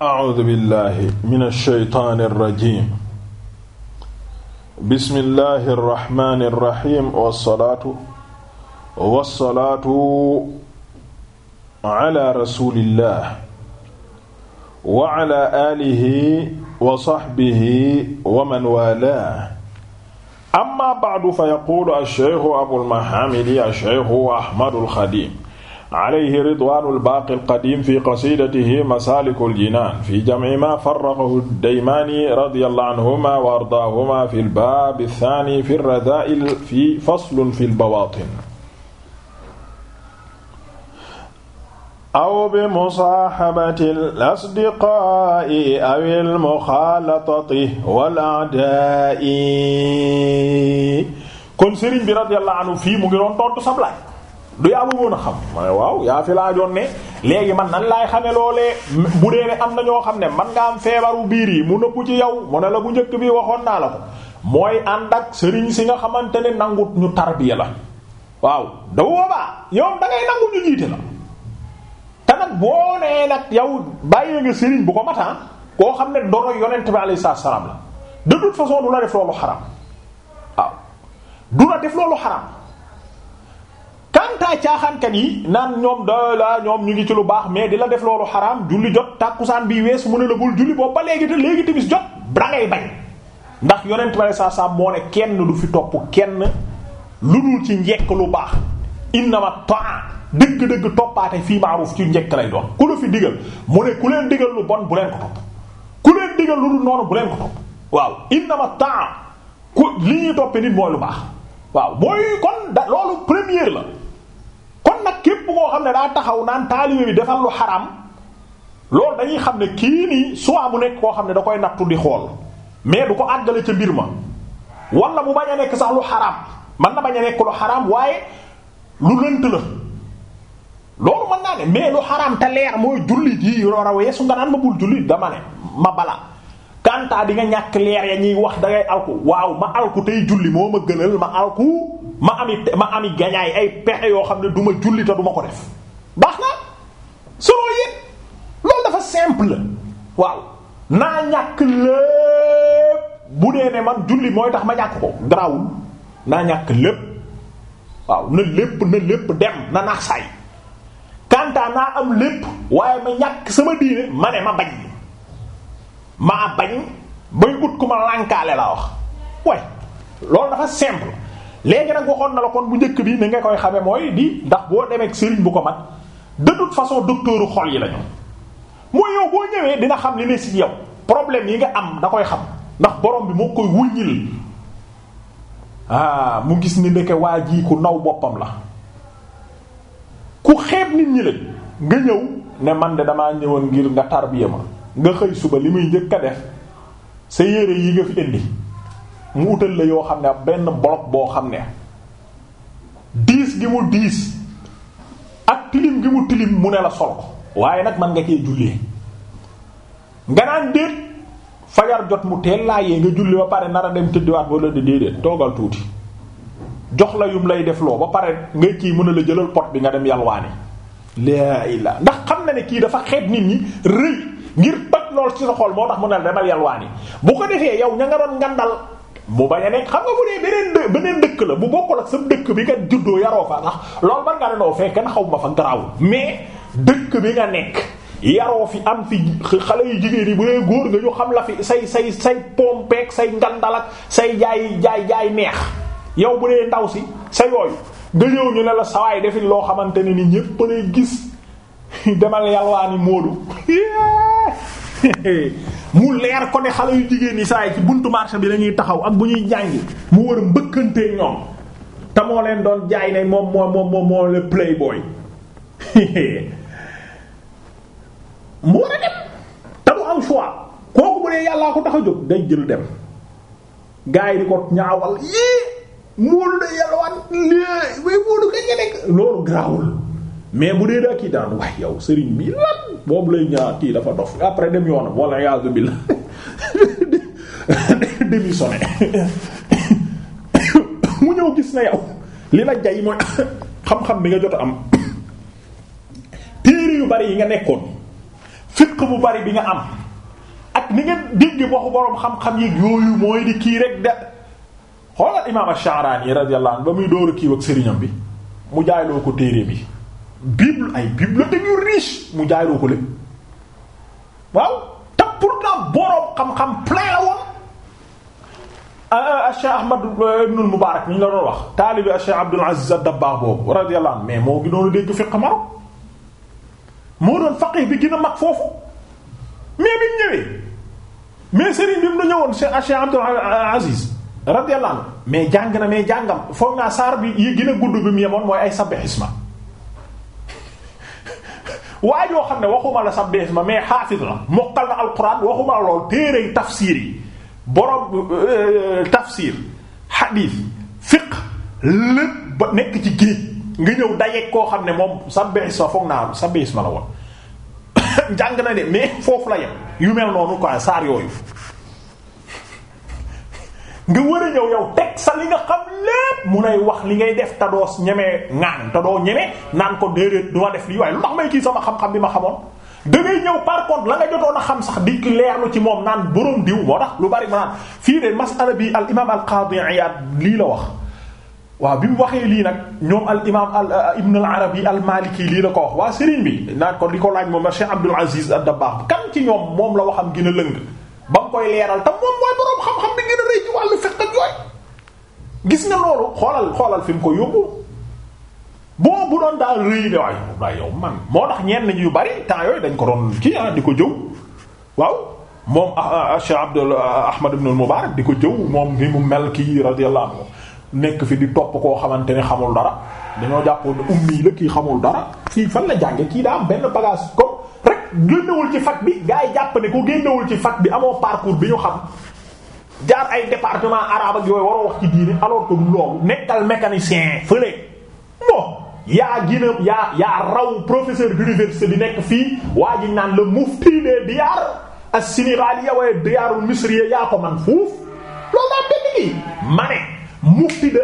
A'uuzu billaahi mina shaytaani rajiim. Bismillaahi rahmaani rahiim wasalaatu wasalaatu ala rasuulillaah wa ala aalihi wa sahbihi wa man waalaah. Amma ba'du fa yaquulu ash-shaykhu Abul Mahaamidi ash-shaykhu Ahmadul Xadiim alayhi ridwaanu albaaqi alqadiim fi qasidatihi masaaliku aljinaan fi jamci ma farraqahu daymaani radiyallahu anhuma wa ardaahuma fi lbaabi althani fi radaa'il fi faslun fi lbawaatin aw bimusaahabati al-asdiqaa'i aw al-muxaalatati wal-a'daa'i kon Serigne bi radiyallahu anhu fii mu ngi doon tontu sablaay du yaa woon a xam ma ne waaw yaa fi laajoon ne léegi man nan laay xame loolee bu dee ne am na ñoo xam ne man nga am feebaru biir yi mu nëbbu ci yow mu ne la bu njëkk bi waxoon naa la ko mooy ànd ak sëriñ si nga xamante ne nangut ñu tarbiya la waaw da boobaa yow da ngay nangu ñu jiite la te nag boo nee nag yow bàyyee nga sëriñ bu ko mataan ah, koo xam ne doro yonent bi alayhi salaam la de toute façon du la def loolu xaram waaw du la def loolu xaram kantaa caaxaankat yi naan ñoom da la ñoom ñu ngi ci lu baax mais di la def loolu xaraam julli jot tàkkusaan bii wees mu ne la bul julli boobu ba léegi te léegi timis jot da ngay bañ ndax yonent bi saa saa moo ne kenn du fi topp kenn lu dul ci njekk lu baax innama taa dëgg-dëgg toppaate fii maaruuf ci njekk lay doon ku la fi digal mu ne ku leen digal lu bon bu leen ko topp ku leen digal lu dul noonu bu leen ko topp waaw innama taa ku li ñuy toppee ni mooy lu baax waaw mooy kon da loolu la nag képp koo xam ne daa taxaw naan taalibe bi defal lu xaram loolu dañuy xam ne kii nii soit mu nekk koo xam ne da koy nattu di xool mais du ko àggale ca mbir ma wala mu bañ a nekk sax lu xaram man na bañ a nekk lu xaram waaye lu lënt la loolu mën naa ne mais lu xaram te leer mooy jullit yi yor a weesu nga naan ma bul jullit dama ne ma bala kanta di nga ñàkk leer ya ñuy wax da ngay alku waaw ma alku tey julli moo ma gënal ma alku ma ami ma ami gañaay ay pexe yoo xam ne duma ma julli du ma ko def baax na selon yéen loolu dafa simple waaw naa ñàkk lépp bu dee ne man julli mooy tax ma ñàkk ko garawul naa ñàkk lépp waaw na lépp na lépp dem na naax saay kanta naa am lépp waaye ma ñàkk sama diine ma ne ma bañ maa bañ bay ut ku ma lànkaale laa wax way loolu dafa simple léegi nag waxoon na la kon bu njëkk bi ni nga koy xame mooy di ndax boo demee ak sëriñ bu ko mat de toute façon docteuru xol yi lañu mooy yow boo ñëwee dina xam li ne ci yow problème yi nga am da koy xam ndax borom bi moo koy wuññil ah mu gis ni ndeke waa ji ku naw boppam la ku xeeb nit ñi lañ nga ñëw ne man de damaa ñëwoon ngir nga tarbiya ma nga xëy suba li muy njëkk a def sa yére yi nga fi indi mu utal la yoo xam ne ab benn bloc boo xam ne diis gi mu diis ak tilim gi mu tilim mu ne la sol ko waaye nag man nga cee jullee nga naan déet fajar jot mu teel laa yee nga julli ba pare nar a dem tëddiwaat la toogal tuuti jox la yum lay defloo ba pare ngay kii mën a la jëlal pot bi nga dem yalwaani laa ilaa ndax xam na ne kii dafa xeet nit ñi rëy ngir toj lool ci sa xol moo tax mu ne demal yalwaani bu ko defee yow ña nga doon ngandal mu bañ a nekk xam nga bu dee beneen beneen dëkk la bu bokk ak sa dëkk bi nga juddoo yaroo fa ndax loolu man nga ne noo fekk kenn xaw ma fa garaawul mais dëkk bi nga nekk yaroo fi am fi xale yu jigéen yi bu dee góor nga ñu xam la fi say say say pompeek say ngandalak say jaay jaay jaay neex yow bu dee si sa yooyu nga ñëw ñu ne la sawaay defi loo xamante ne ni ñépp lay gis demal yalwaani Moodu mu leer ko ne xale yu jigéen yi saa ci buntu marché bi lañuy taxaw ak bu ñuy jàngi mu war a mbëkkantee ñoom te moo leen doon jaay ne moom moo moom moom moo le playboy mu war a dem te du am choix kooku bu dee yàllaa ko tax a jóg day jël dem gars yi di ko ñaawal yii muolu de yàlla waat lé bay muolu ka ñe nekk loolu grawul mais bu dee daa kii daan waay yow sëriñ bi lan boobu lay ñaar kii dafa dof après dem yoonam wala yaasu bi la demi sonné mu ñëw gis na yow li la jay mooy xam-xam bi nga jot am téere yu bari yi nga nekkoon fiq bu bari bi nga am ak ni nga dégg waxu boroom xam-xam yi yooyu mooy di kii rek da xoolal imaam Ash-Sha'rani radiyallahu anhu ba muy dóor a kii ak sëriñam bi mu jaayloo ko téere bi bible ay bibliothèque yu mu jaay loo ko lépp waaw te pourtant boroom xam-xam plein la woon ah, ah, ah, Cheikh Ahmad euh, ibn Mubarak ñu la doon wax taalibi Cheikh Abdul Aziz ad boobu radiyallahu anhu mais moo gi doon dégg fiqh Maroc moo doon faqih bi gën a mag foofu mais bi mu ñëwee mais Serigne bi mu ñëwoon Cheikh Abdul Aziz radiyallahu anhu mais jàng na mais jàngam foog naa saar bi yi gën a gudd bi mu yemoon mooy ay sabbihisma waa yoo xam ne waxuma la sa bees ma mais xaafis la mokkal na alquran waxuma la lool téerey tafsir yi borom euh, tafsir xadiis fiq lépp ba nekk ci géej ngi ñëw dajeeg koo xam ne moom sa bees ma foog naa sa bees ma la woon jàng na de mais foofu la yem yu mel noonu quoi saar yooyu nga war a ñëw yow teg sa li nga xam lépp mu nay wax li ngay def ta doo ñemee ŋaan ta doo ñeme naan ko déedéet duma def lii waaye lu tax may kii sama xam-xam bi ma xamoon da ngay ñëw par contre la nga jotoon a xam sax di leerlu ci moom naan borom diw moo tax lu bari ma naan fii de masala bi al imam al qadi Iyad lii la wax waaw bi mu waxee lii nag ñoom al imaam al euh, ibn al arabi al maliki lii la ko wax waa sëriñ bi naan ko di ko laaj moom Cheikh Abdul Aziz ad-Dabbagh kan ci ñoom moom la waxam gën a lëng ba mu koy leeral te moom mooy borom xam gis nga loolu xoolal xoolal ko yóbbu bon bu doon daal rëy de man moo tax ñenn yu bari temps yooyu dañ ko doon kii ah di ko jëw waaw moom ah, ah, Cheikh Abdul ah, Ahmad ibn di ko jëw moom ni mu mel kii radiyallahu nekk fi di topp koo xamante ne xamul dara dañoo jàppoon ne ummi la kii xamul dara fii fan la jànge kii daa am benn bagage comme rek génnewul ci fac bi gaa yi jàpp ne ku génnewul ci fac bi amoo parcours bi ñu xam jaar ay département arabe ak yooyu waroo wax ci diine alors que loolu nekkal mécanicien fële bon yaa gina yaa raw professeur d'université bi nekk fii waa ji naan le mufti des diyaar as-sénégaliya waaye diyaarul misriya yaa ko man fuuf loolu laa dégg nii ma ne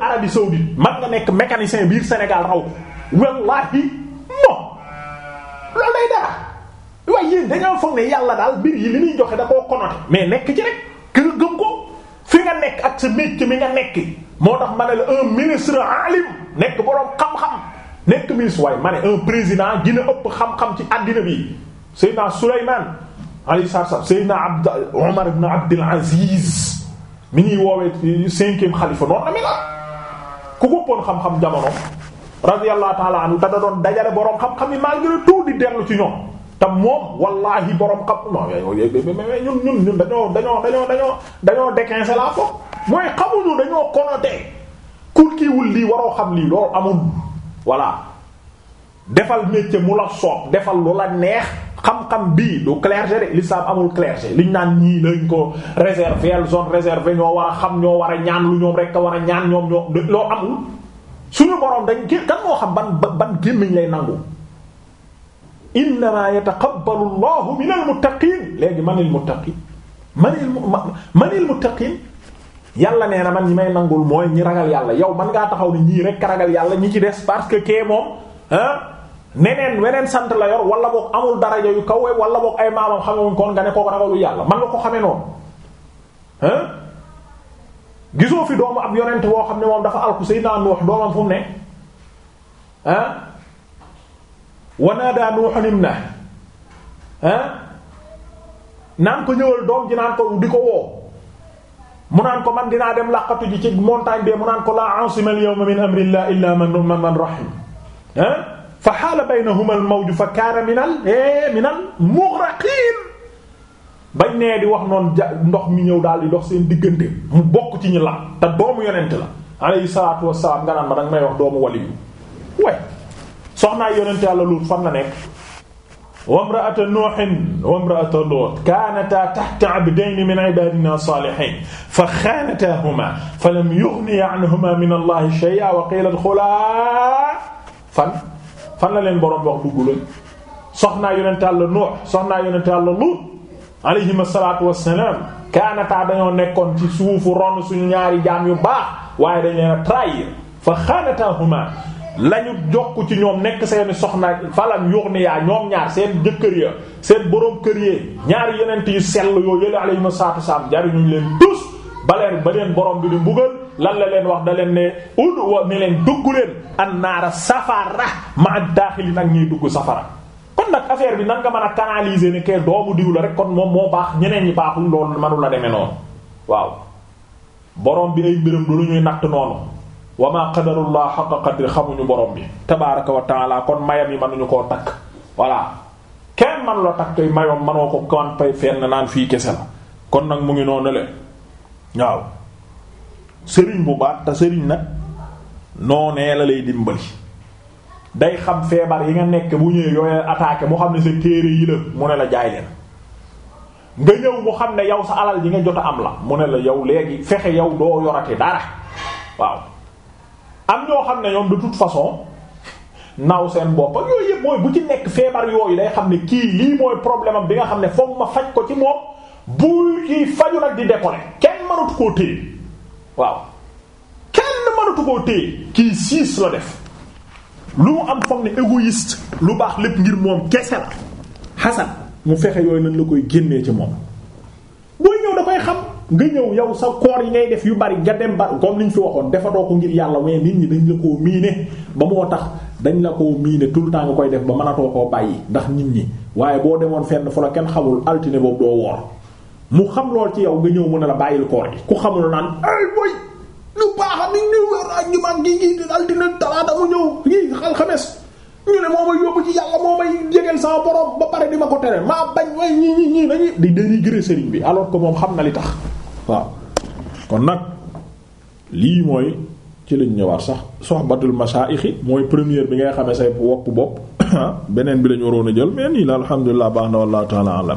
Arabie saoudite man nga nekk mécanicien biir Sénégal raw wallahi non loolu day dara waaye yéen dañoo foog ne yàlla daal mbir yi li muy joxe da koo konote mais nekk ci rek kër gëm nga nekk ak sa métier mi nga nekk moo tax ma ne la un ministre alim nekk boroom xam-xam nekk ministre waaye ma ne président dina ëpp xam-xam ci àddina bi Seydina Souleymane alayhi salaam Seydina Abd Omar ibn Abdul Aziz mi ñuy woowee cinquième xalifa noonu amee la ku koppoon xam-xam jamono radiyallahu ta'ala anhu te da doon dajale boroom xam-xam yi malgré tout di dellu ci ñoom moom wallahi borom xam non ñun ñun ñun dañoo dañoo dañoo dañoo dañoo déquincer la foofu mooy xamuñu dañoo connoté ku kiiwul lii waroo xam lii loolu amul voilà defal métier mu la soob defal lu la neex xam-xam bii du clergé de l'islam amul clergé liñ naan ñii lañ ko réserver zone réservée ñoo war a xam ñoo war a ñaan lu ñoom rek a war ñaan ñoom ñoo loolu amul suñu borom dañ kan moo xam ban ban gémmiñ lay nangu innamaa yataqabbalu Allahu minal muttaqiin léegi manil muttaqiin manil manil muttaqiin yàlla nee na man ñi may nangul mooy ñi ragal yàlla yow man ngaa taxaw ni ñii rek ragal yàlla ñi ci des parce que kee moom ah neneen weneen sant la yor wala boog amul daraja yu kaw wala boog ay maamam xamewuñ koon nga ne kooku ragalu yàlla man nga ko xame noonu ah gisoo fi doomu ab yonent woo xam ne moom dafa alku Seydina Nuux doomam fu mu ne wanaadaa nuuxun ibna ah naan ko ñëwal doom ji naan ko di ko woo mu naan ko man dinaa dem laqatu ji ci montagne bee mu naan ko laa asima al yawma min amrillah illa man man rahim ah fa xaala baynahuma al mawju fa kaana minal eh, minal mughraqiin bañ nee di wax noonu ja ndox mi ñëw daal di dox seen diggante mu bokk ci ñi la te doomu yonent la alayhi salaatu wassalaam nga naan ma danga may wax doomu waliyu way soxnaay yonent yàlla Luut fan la nekk wa imra'atu Nuuhin wa imra'atu Luut kaanataa tahta abdayni min ibaadinaa saalihiin fa xaanataahumaa falam yughniyaa anhumaa mina Allaahi shay'an wa qiila udxulaa fan fan la leen boroom wax dugg leen soxnaa yonent yàlla Nuuh soxnaa yonent yàlla Luut alayhimaa salaatu wassalaam kaanataa dañoo nekkoon ci suufu ron suñu ñaari jaam yu baax waaye dañ leen a trahir fa xaanataahumaa lañu jokk ci ñoom nekk seeni soxna falan yox ni yaa ñoom ñaar seen jëkkër ya seen boroom kër yee ñaari yenent yu sell yoo yële alayhima salaatu salaam jariñuñ leen tus baleen ba leen borom bi di mbugal lan la leen wax da leen ne ud wa ni leen dugg leen an naara safara ma ak daaxilin ak ñuy dugg safara kon nag affaire bi nan nga mën a canaliser ni kee doomu diw la rek kon moom moo baax ñeneen yi baaxul loolu manu la demee noonu waaw borom bi ay mbiram noonu wa maa qadarullah xaqa qadri xamuñu borom bi tabaaraka wa taala kon mayam yi mënuñu koo takk voilà kenn man la takk mayoom manoo ko kon fenn naan fii kese la kon nag mu ngi noonu le waaw sëriñ bu baax te sëriñ nag noonee la lay dimbali day xam feebar yi nga nekk bu ñëwee yooyee attaqué mu xam ne sa téere yi la mu ne la jaay leen nga ñëw mu xam ne yow sa alal yi nga jot am la mu ne la yow léegi fexe yow doo yorate dara waaw am ñoo xam ne ñoom de toute façon naaw seen bopp yooyu yëpp mooy bu ci nekk feebar yooyu day xam ne kii lii mooy problème am bi nga xam ne foog ma faj ko ci moom bu kii faju nag di décoller kenn mënatu koo téye waaw kenn mënatu koo téye kii siis la def lu mu am foog ne égoïste lu baax lépp ngir moom kese la xasan mu fexe yooyu nañ la koy génnee ci moom nga ñëw yow sa koor yi ngay def yu bari nga dem ba comme ñu fi waxoon defatoo ko ngir yàlla waaye nit ñi dañ la koo miine ba moo tax dañ la koo miine tout le temps nga koy def ba mënatoo koo bàyyi ndax nit ñi waaye boo demoon fenn fu kenn xamul altine boobu doo mu xam lool ci yow nga ñëw mën a la bàyyil koor yi ku xamul naan ay boy ñu wër ak jumaan gi ñëw gi alxames ñu ne moo may yóbbu ci yàlla moo may jegeel sama borom ba pare di ma ko tere maa bañ way ñi ñi ñi dañuy di dénigré sëriñ bi alors ko moom xam na li tax waaw kon nag lii mooy ci lañ ñëwaat sax soxbatul masaayixi mooy première bi ngay xamee say wopp bopp beneen bi lañu waroon a jël mais nii la alhamdulilah baax na wallahu taala alam